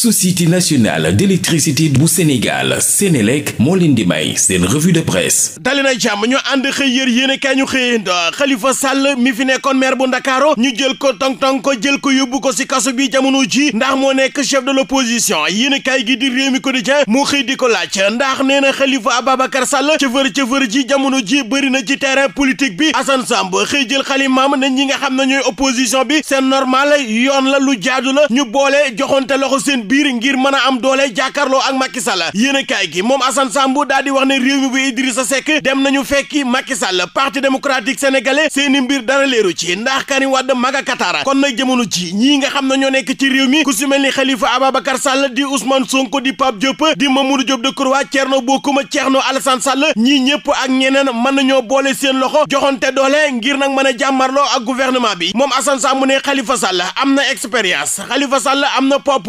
société nationale d'électricité bu Sénégal Sénélec moo leen di may seen revue de presse dali na ñu ànd xëy yër yéen kaay ñu xëyando Khalifa Sall mi fi nekk maire bu Ndakaaru ñu jël ko tong-tong ko jël ko yóbbu ko si kaso bi jamono ji ndax moo nekk chef de l'opposition yéen kaay gi di Rewmi Quotidien moo xëy di ko laaj ndax nee na Khalifa Ababacar Sall cëfër cëfër ji jamono ji bëri na ci terrain politique bi Assane Samb xëy jël xalimaam nañ ñi nga xam ne ñooy opposition bi c'est normal yoon la lu jaadu biir ngir mën a am doole jàkkaarloo ak Macky Sall yéenekaay gi moom Assane Samb daal di wax ne réew mi bu Idrissa Seck dem nañu fekki Macky Sall parti démocratique sénégalais seeni mbir dara leeru ci ndax Karim Wade maga Katara kon nag jamono ci ñii nga xam ne ñoo nekk ci réew mi ku si mel ni Khalifa Ababacar Sall di Ousmane Sonko di ma Pape Diop di Mamadou Diop Decroix Thierno Bocoum Thierno Alassane Sall ñii ñëpp ak ñeneen mën nañoo boole seen loxo joxante doole ngir nag mën a jàmmarloo ak gouvernement bi moom Assane Samb ne Khalifa Sall am na expérience Khalifa Sall am na poids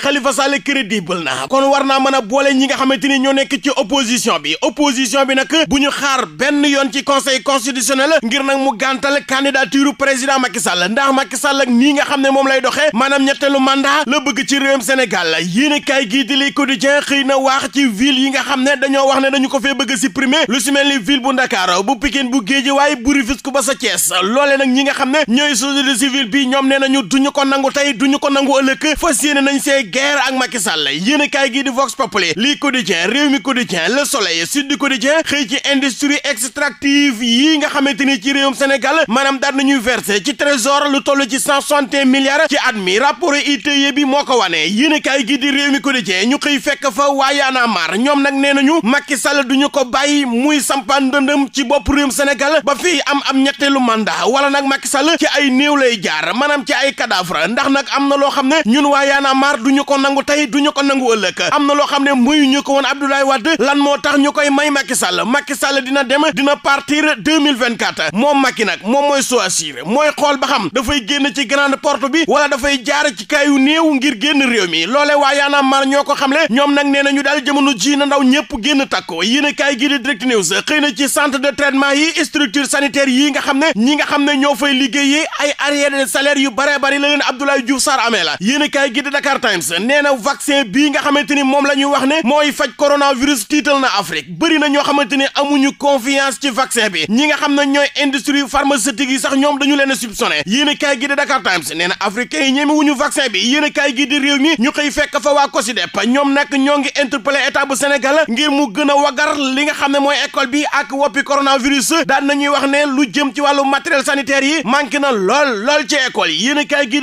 Khalifa Sall crédible na kon war naa mën a boole ñi nga xamante ni ñoo nekk ci opposition bi opposition bi nag bu ñu xaar benn yoon ci conseil constitutionnel ngir nag mu gàntal candidature président Macky Sall ndax Macky Sall ak nii nga xam ne moom lay doxee maanaam ñetteelu mandat la bëgg ci réewum Sénégal yéen kaay gii di Le Quotidien xëy na waax ci ville yi nga xam ne dañoo wax ne dañu ko fee bëgg supprimer lu si mel ni ville bu Ndakaar bu Pikine bu Guédiawaye bu Rufisque ba sa Thiès nag ñi nga xam ne ñooy société civile bi ñoom nee nañu duñu ko nangu tey duñu ko nangu ëllëg fas yéene nañ see guerre ak Macky Sall yéen a kaay gii di Vox Populi lii quotidien réew mi quotidien le soleil sud du quotidien xëy ci industrie extractive yii nga xamante ni ci réewum Sénégal maanaam daan nañuy versé ci trésor lu toll ci cent soixante et un milliards ci at mi rapport ITIE bi moo ko wane yéen a kaay réew mi quotidien ñu xëy fekk fa waa Y'en a marre ñoom nag nee nañu Macky Sall du ñu ko bàyyi muy sampaan ndëndëm ci bopp réewum Sénégal ba fii am am ñetteelu mandat wala nag Macky Sall ci ay néew lay jaar maanaam ci ay cadavre ndax nag am na loo duñu nangu tey duñu ko nangu ëllëg am na loo xam ne muy ñu ko woon Abdoulaye Wade lan moo tax ñu koy may Macky Sall Macky Sall dina dem dina partir 2024 moom Macky nag moom mooy choisir mooy xool ba xam dafay génn ci grande porte bi wala dafay jaar ci kaayu néew ngir génn réew mi loole waa yaana mar ñoo ko xamle ñoom nag nee nañu daal jamono ji na ndaw ñëpp génn takko yéen a kaay gi di direct news xëy na ci centre de traitement yi structure sanitaire yi nga xam ne ñi nga xam ne ñoo fay liggéeyee ay arriérés de yu bare bari la leen Abdoulaye Diouf Sarr amee la yéen a gi di Dakar Times Davis nee na vaccin bii nga xamante ni moom la ñuy wax ne mooy faj coronavirus tiital na Afrique bëri na ñoo xamante ni amuñu confiance ci vaccin bi ñi nga xam ne ñooy industrie pharmaceutique yi sax ñoom dañu leen a soupçonné yéen gi di Dakar Times nee na africain yi ñeme bi yéen a gi di réew mi ñu xëy fekk fa waa COSYDEP ñoom nag ñoo ngi interpellé état bu Sénégal ngir mu gën a wagar li nga xam ne mooy école bi ak woppi coronavirus daan nañuy wax ne lu jëm ci wàllu matériel sanitaire yi manqué na lool lool ci école yi yéen a kaay gi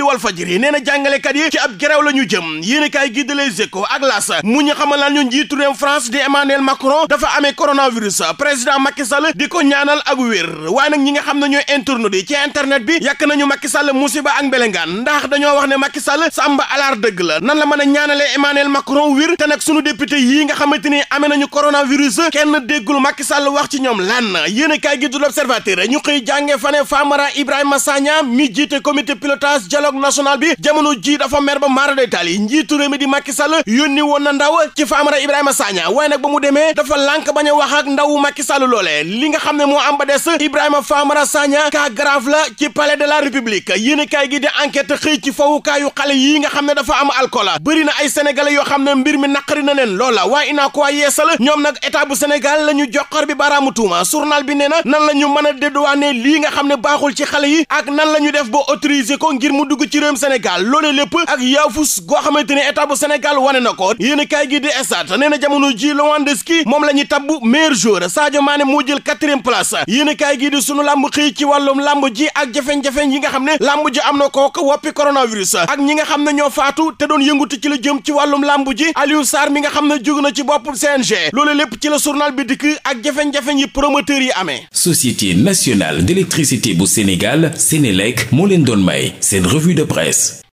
nee na jàngalekat yi ci ab la ñu jëm yéen kaay gi de Les Échos ak L'As mu ñu xamal laan ñu njiitu réew France di Emmanuel Macron dafa amee coronavirus président Macky Sall di ko ñaanal ak wér waa nag ñi nga xam ne ñooy internautes yi ci internet bi yàq nañu Macky Sall musiba ak mbelengaan ndax dañoo wax ne Macky Sall sàmba alaar dëgg la nan la mën a ñaanalee Emmanuel Macron wér te nag sunu député yii nga xamante ni amee nañu coronavirus kenn déggul Macky Sall wax ci ñoom lan yéen kaay gi du L'Observateur ñu xëy jàngee fane Famara Ibrahima Sagna mi jiite comité pilotage dialogue national bi jamono ji dafa mer ba maara taal yi njiitu réew mi di Macky Sall yónni woon na ndaw ci Famara Ibrahima Sagna waaye nag ba mu demee dafa lànk bañ a wax ak ndawu Macky Sall loolee li nga xam ne moo am ba des Ibrahima Famara Sagna cas grave la ci palais de la République yéenekaay gi di enquête xëy ci fawukaayu xale yii nga xam ne dafa am alcool bëri na ay sénégalais yoo xam ne mbir mi naqari na leen loola waa inaa ko yeesal ñoom nag état bu Sénégal la ñu joxor bi baaraamu tuuma journal bi nee na nan la ñu mën a dédduwaane lii nga xam ne baaxul ci xale yi ak nan la ñu def ba autoriser ko ngir mu dugg ci réewum Sénégal loolee lépp ak yaafus xamante ni état bu Sénégal wane na ko yéen gii kaay gi di Stades nee na jamono ji Lewandowski moom la ñuy tabbu meilleur joueur Sadio maane moo jël quatrième place yéen a kaay gi di sunu lamb xëy ci wàllum lamb ji ak jafe-jafe yi nga xam ne lamb ji am na ko woppi coronavirus ak ñi nga xam ne ñoo faatu te doon yëngutu ci la jëm ci wàllum lamb ji Aliou Sarr mi nga xam ne jóg na ci bopp CNG loolu lépp ci la journal bi dikk ak jafe-jafe yi promoteur yi amee. Société nationale d'électricité bu Sénégal Sénélec moo leen doon may seen revue de presse.